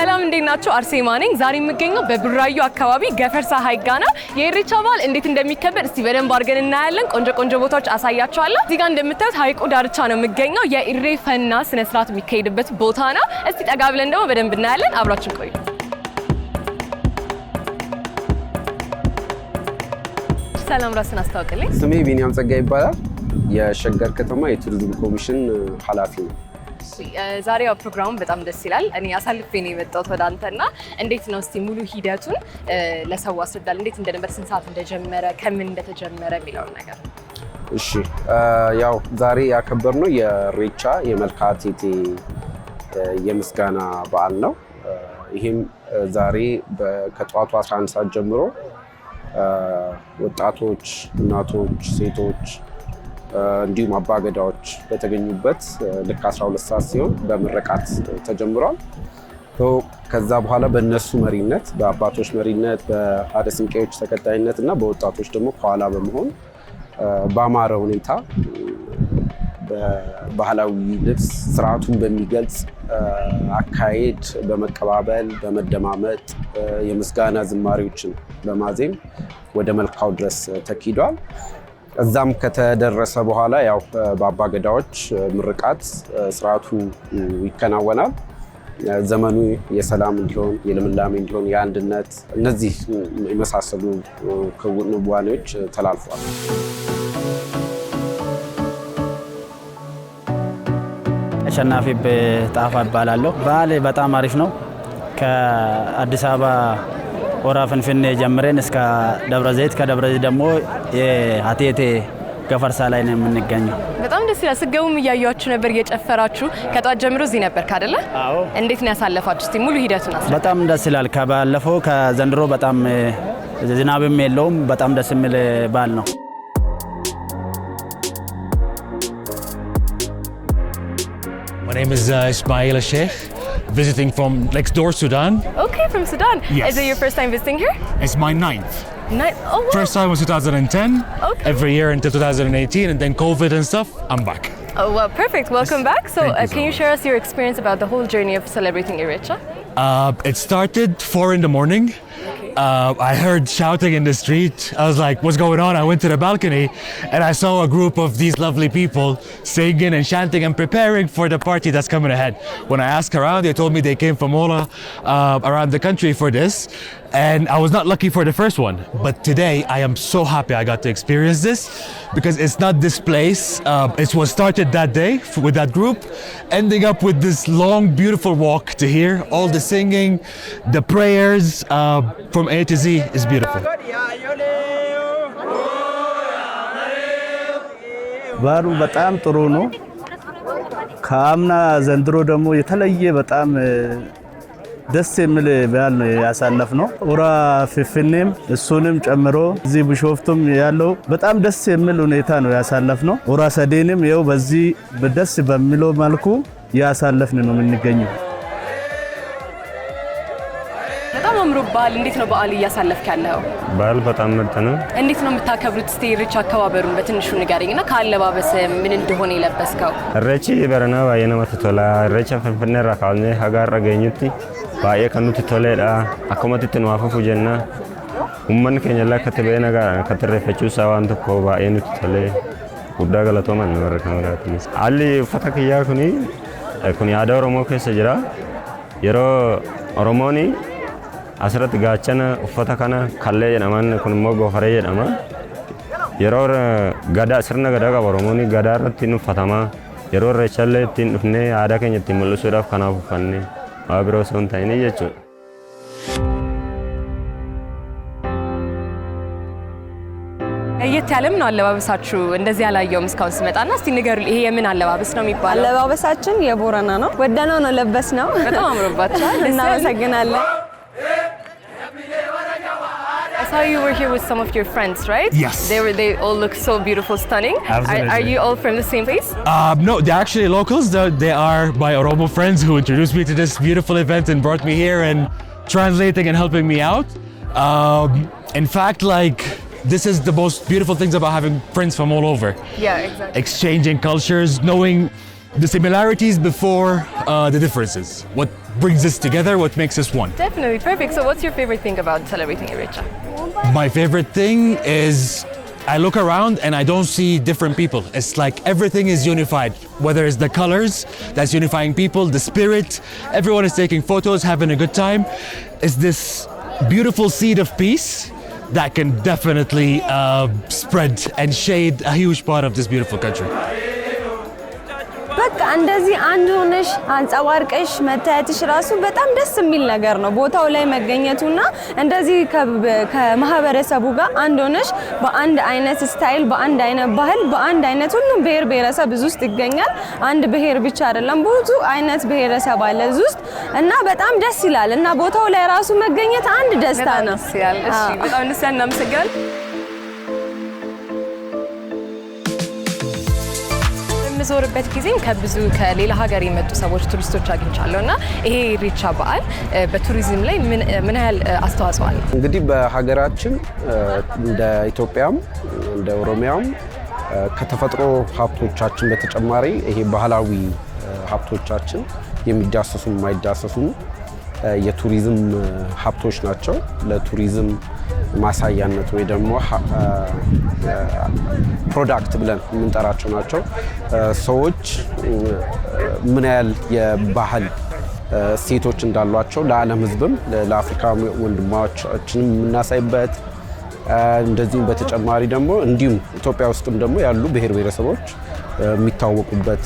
ሰላም እንዴት ናቸው? አርሴማ ነኝ። ዛሬ የምገኘው በቡራዩ አካባቢ ገፈርሳ ሀይቅ ጋ ነው። የኢሬቻ በዓል እንዴት እንደሚከበር እስቲ በደንብ አድርገን እናያለን። ቆንጆ ቆንጆ ቦታዎች አሳያቸዋለሁ። እዚህ ጋር እንደምታዩት ሀይቁ ዳርቻ ነው የምገኘው። የኢሬ ፈና ስነስርዓት የሚካሄድበት ቦታ ነው። እስቲ ጠጋ ብለን ደግሞ በደንብ እናያለን። አብራችን ቆዩ። ሰላም፣ ራስን አስታውቅልኝ። ስሜ ቢኒያም ጸጋ ይባላል። የሸገር ከተማ የቱሪዝም ኮሚሽን ኃላፊ ነው። ዛሬ ያው ፕሮግራሙ በጣም ደስ ይላል። እኔ አሳልፌ ነው የመጣሁት ወደ እንዴት ነው እስቲ ሙሉ ሂደቱን ለሰው አስረዳል። እንዴት እንደነበር፣ ስንት ሰዓት እንደጀመረ፣ ከምን እንደተጀመረ የሚለውን ነገር። እሺ ያው ዛሬ ያከበርነው የኢሬቻ የመልካቴቴ የምስጋና በዓል ነው። ይህም ዛሬ ከጠዋቱ 11 ሰዓት ጀምሮ ወጣቶች፣ እናቶች፣ ሴቶች እንዲሁም አባገዳዎች በተገኙበት ልክ 12 ሰዓት ሲሆን በምረቃት ተጀምሯል። ከዛ በኋላ በእነሱ መሪነት በአባቶች መሪነት በአደ ስንቄዎች ተከታይነት እና በወጣቶች ደግሞ ከኋላ በመሆን በአማረ ሁኔታ በባህላዊ ልብስ ስርዓቱን በሚገልጽ አካሄድ በመቀባበል በመደማመጥ የምስጋና ዝማሬዎችን በማዜም ወደ መልካው ድረስ ተኪዷል። እዛም ከተደረሰ በኋላ ያው በአባገዳዎች ምርቃት ስርዓቱ ይከናወናል። ዘመኑ የሰላም እንዲሆን የልምላሜ እንዲሆን የአንድነት እነዚህ የመሳሰሉ ክዋኔዎች ተላልፏል። አሸናፊ ጣፋ እባላለሁ። በዓል በጣም አሪፍ ነው። ከአዲስ አበባ ሆራ ፍንፍኔ ጀምረን እስከ ደብረ ዘይት ከደብረ ዘይት ደግሞ ሀቴቴ ገፈርሳ ላይ ነው የምንገኘው። በጣም ደስ ይላል። ስገቡም እያዩችሁ ነበር እየጨፈራችሁ። ከጧት ጀምሮ እዚህ ነበር ካደለ? አዎ። እንዴት ነው ያሳለፋችሁ? እስቲ ሙሉ ሂደቱን አስረዳኝ። በጣም ደስ ይላል። ከባለፈው ከዘንድሮ በጣም ዝናብም የለውም። በጣም ደስ የሚል በዓል ነው። My name is uh, Ismail Sheikh, visiting from next door, Sudan. Okay, from Sudan. Yes. Is it your first time visiting here? It's my ninth. Ninth? Oh, wow. First time was 2010. Okay. Every year until 2018, and then COVID and stuff, I'm back. Oh, well, perfect. Welcome yes. back. So, uh, you so can you share us your experience about the whole journey of celebrating Eritrea? Uh, it started four in the morning uh, I heard shouting in the street. I was like, what's going on? I went to the balcony and I saw a group of these lovely people singing and chanting and preparing for the party that's coming ahead. When I asked around, they told me they came from all uh, around the country for this and I was not lucky for the first one. But today I am so happy I got to experience this because it's not this place. Um, it's it was started that day with that group, ending up with this long, beautiful walk to hear all the singing, the prayers uh, from A to Z is beautiful. ባሩ በጣም ጥሩ ነው። ከአምና ዘንድሮ ደግሞ የተለየ በጣም ደስ የሚል በዓል ነው ያሳለፍ ነው። ኡራ ፊንፊኔም እሱንም ጨምሮ እዚህ ብሾፍቱም ያለው በጣም ደስ የሚል ሁኔታ ነው ያሳለፍ ነው። ኡራ ሰዴንም ይኸው በዚህ ደስ በሚለው መልኩ ያሳለፍን ነው የምንገኘው። በጣም አምሮ እንዴት ነው በዓል እያሳለፍክ ያለው? በዓል በጣም ምርጥ ነው። እንዴት ነው የምታከብሩት? እስቲ ኢሬቻ አከባበሩን በትንሹ ንገረኝ እና ከአለባበስ ምን እንደሆነ የለበስከው? ኢሬቺ በረና ባየነ መተቶላ ኢሬቻ ፊንፊኔ ራካውኔ ሀጋር አገኙት baay'ee kan nutti toledha. Akkuma itti nuuf hafu jenna. Uummanni keenya illee akka ta'e nagaan akka tarreeffachuu isaa waan tokko baay'ee nutti tolee guddaa galatooman namarra kan waraatinis. Haalli uffata kiyyaa kuni kun aadaa Oromoo keessa jira. Yeroo Oromooni asirratti gaachana uffata kana kallee jedhaman kun immoo goofaree jedhama. Yeroo gadaa sirna gadaa qaba Oromooni gadaa irratti ittiin uffatama. Yeroo irreechaa illee ittiin dhufnee aadaa keenya ittiin mul'isuudhaaf kanaaf uffanne. Abra Sontaine jechuudha. ለየት ያለም ነው አለባበሳችሁ። እንደዚህ ያላየውም እስካሁን ስመጣና፣ እስቲ ንገሩ፣ ይሄ የምን አለባበስ ነው የሚባለው? አለባበሳችን የቦረና ነው። ወደነው ነው ለበስ ነው። በጣም አምሮባችኋል። እናመሰግናለን። saw you were here with some of your friends, right? Yes. They were. They all look so beautiful, stunning. Absolutely. Are, are you all from the same place? Uh, no, they're actually locals. They're, they are my Oromo friends who introduced me to this beautiful event and brought me here and translating and helping me out. Um, in fact, like this is the most beautiful things about having friends from all over. Yeah, exactly. Exchanging cultures, knowing the similarities before uh, the differences. What brings us together, what makes us one. Definitely, perfect. So what's your favorite thing about celebrating Eritrea? My favorite thing is I look around and I don't see different people. It's like everything is unified, whether it's the colors that's unifying people, the spirit, everyone is taking photos, having a good time. It's this beautiful seed of peace that can definitely uh, spread and shade a huge part of this beautiful country. በቃ እንደዚህ አንድ ሆነሽ አንጸባርቀሽ መታየትሽ ራሱ በጣም ደስ የሚል ነገር ነው። ቦታው ላይ መገኘቱና እንደዚህ ከማህበረሰቡ ጋር አንድ ሆነሽ በአንድ አይነት ስታይል፣ በአንድ አይነት ባህል፣ በአንድ አይነት ሁሉም ብሔር ብሔረሰብ እዚህ ውስጥ ይገኛል። አንድ ብሔር ብቻ አይደለም፣ ብዙ አይነት ብሔረሰብ አለ እዚህ ውስጥ እና በጣም ደስ ይላል እና ቦታው ላይ ራሱ መገኘት አንድ ደስታ ነው። በምዞርበት ጊዜ ከብዙ ከሌላ ሀገር የመጡ ሰዎች ቱሪስቶች አግኝቻለሁ እና ይሄ ኢሬቻ በዓል በቱሪዝም ላይ ምን ያህል አስተዋጽኦ አለ? እንግዲህ በሀገራችን እንደ ኢትዮጵያም እንደ ኦሮሚያም ከተፈጥሮ ሀብቶቻችን በተጨማሪ ይሄ ባህላዊ ሀብቶቻችን የሚዳሰሱም የማይዳሰሱም የቱሪዝም ሀብቶች ናቸው። ለቱሪዝም ማሳያነት ወይ ደግሞ ፕሮዳክት ብለን የምንጠራቸው ናቸው። ሰዎች ምን ያህል የባህል እሴቶች እንዳሏቸው ለዓለም ሕዝብም ለአፍሪካ ወንድማዎቻችንም የምናሳይበት እንደዚሁም በተጨማሪ ደግሞ እንዲሁም ኢትዮጵያ ውስጥም ደግሞ ያሉ ብሔር ብሔረሰቦች የሚታወቁበት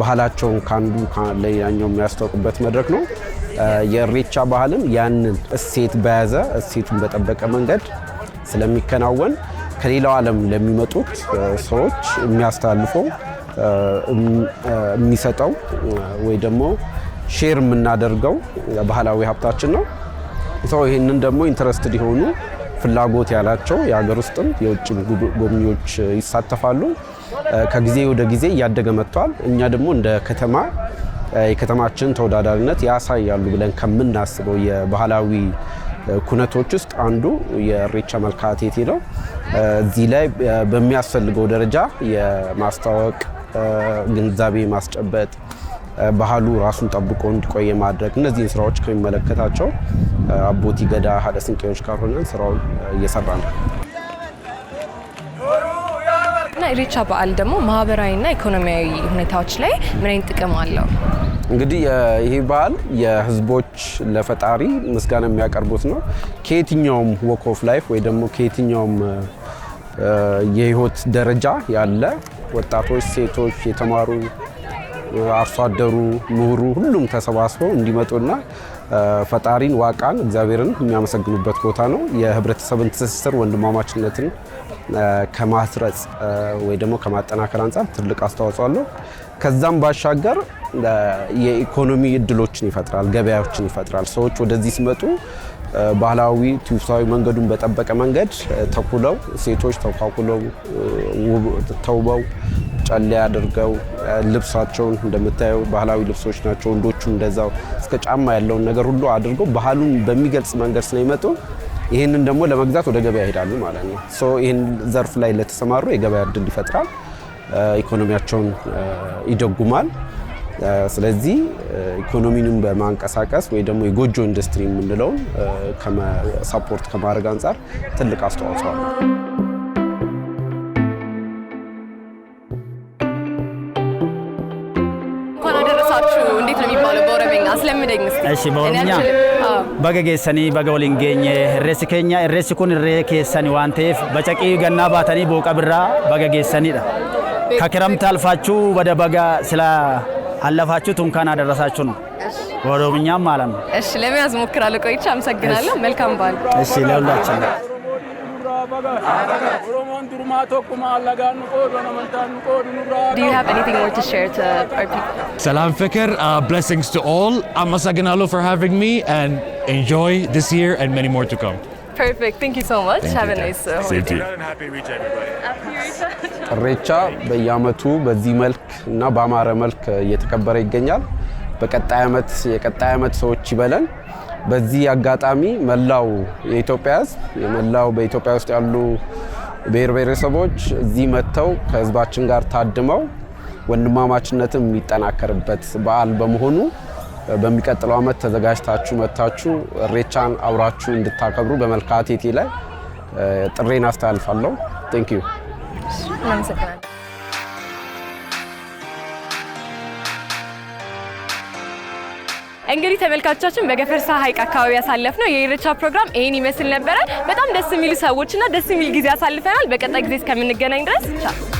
ባህላቸውን ከአንዱ ለሌላኛው የሚያስታውቁበት መድረክ ነው። የእሬቻ ባህልም ያንን እሴት በያዘ እሴቱን በጠበቀ መንገድ ስለሚከናወን ከሌላው ዓለም ለሚመጡት ሰዎች የሚያስተላልፈው የሚሰጠው ወይ ደግሞ ሼር የምናደርገው ባህላዊ ሀብታችን ነው። ሰው ይህንን ደግሞ ኢንትረስት የሆኑ ፍላጎት ያላቸው የሀገር ውስጥም የውጭ ጎብኚዎች ይሳተፋሉ። ከጊዜ ወደ ጊዜ እያደገ መጥቷል። እኛ ደግሞ እንደ ከተማ የከተማችን ተወዳዳሪነት ያሳያሉ ብለን ከምናስበው የባህላዊ ኩነቶች ውስጥ አንዱ የኢሬቻ መልክዓ ነው። እዚህ ላይ በሚያስፈልገው ደረጃ የማስተዋወቅ ግንዛቤ ማስጨበጥ ባህሉ ራሱን ጠብቆ እንዲቆየ ማድረግ እነዚህን ስራዎች ከሚመለከታቸው አቦቲ ገዳ ሀደ ስንቄዎች ጋር ሆነን ስራውን እየሰራ ነው። ኢሬቻ በዓል ደግሞ ማህበራዊና ኢኮኖሚያዊ ሁኔታዎች ላይ ምን አይነት ጥቅም አለው? እንግዲህ ይሄ በዓል የህዝቦች ለፈጣሪ ምስጋና የሚያቀርቡት ነው። ከየትኛውም ወክ ኦፍ ላይፍ ወይ ደግሞ ከየትኛውም የህይወት ደረጃ ያለ ወጣቶች፣ ሴቶች፣ የተማሩ አርሶ አደሩ፣ ምሁሩ ሁሉም ተሰባስበው እንዲመጡና ፈጣሪን ዋቃን እግዚአብሔርን የሚያመሰግኑበት ቦታ ነው። የህብረተሰብን ትስስር ወንድማማችነትን ከማስረጽ ወይ ደግሞ ከማጠናከር አንጻር ትልቅ አስተዋጽኦ አለው። ከዛም ባሻገር የኢኮኖሚ እድሎችን ይፈጥራል፣ ገበያዎችን ይፈጥራል። ሰዎች ወደዚህ ሲመጡ ባህላዊ ትውፊታዊ መንገዱን በጠበቀ መንገድ ተኩለው ሴቶች ተኳኩለው ተውበው ጨሌ አድርገው ልብሳቸውን እንደምታየው ባህላዊ ልብሶች ናቸው። ወንዶቹ እንደዛው እስከ ጫማ ያለውን ነገር ሁሉ አድርገው ባህሉን በሚገልጽ መንገድ ስለሚመጡ ይህንን ደግሞ ለመግዛት ወደ ገበያ ይሄዳሉ ማለት ነው። ሶ ይህን ዘርፍ ላይ ለተሰማሩ የገበያ እድል ይፈጥራል፣ ኢኮኖሚያቸውን ይደጉማል። ስለዚህ ኢኮኖሚንም በማንቀሳቀስ ወይ ደግሞ የጎጆ ኢንዱስትሪ የምንለውን ሳፖርት ከማድረግ አንጻር ትልቅ አስተዋጽኦ አለው። እሺ በኦሮምኛ በገ ጌሰኒ በገ ወሊን ጌኘ እሬሲ ኬኛ እሬሲ ኩን እሬ ኬሰኒ ዋን በጨቂ ገና ባተኒ ቦቀብራ ብራ በገ ጌሰኒዳ ከክረምት አልፋችሁ ወደ በጋ ስላ አለፋችሁ እንኳን አደረሳችሁ ነው ኦሮምኛም ማለት ነው። እሺ ለመያዝ ሞክራለሁ። ቆይቼ አመሰግናለሁ። መልካም በዓል። እሺ ለሁላችን ሰላም ፍቅር ብሌሲንግስ ቱ ኦል አመሰግናለሁ for having me and enjoy this year and many more to come Perfect. Thank you so much. Have a nice uh, holiday. to you. happy reach, everybody. Happy እሬቻ በየአመቱ በዚህ መልክ እና በአማረ መልክ እየተከበረ ይገኛል። በቀጣይ አመት የቀጣይ አመት ሰዎች ይበለን። በዚህ አጋጣሚ መላው የኢትዮጵያ ሕዝብ የመላው በኢትዮጵያ ውስጥ ያሉ ብሔር ብሔረሰቦች እዚህ መጥተው ከህዝባችን ጋር ታድመው ወንድማማችነትም የሚጠናከርበት በዓል በመሆኑ በሚቀጥለው ዓመት ተዘጋጅታችሁ መጥታችሁ እሬቻን አብራችሁ እንድታከብሩ በመልካቴቴ ላይ ጥሬን አስተላልፋለሁ። ቴንክ ዩ እናመሰግናለን። እንግዲህ ተመልካቾቻችን በገፈርሳ ሐይቅ አካባቢ ያሳለፍ ነው። የኢሬቻ ፕሮግራም ይህን ይመስል ነበረ። በጣም ደስ የሚሉ ሰዎችና ደስ የሚል ጊዜ አሳልፈናል። በቀጣይ ጊዜ እስከምንገናኝ ድረስ ቻው።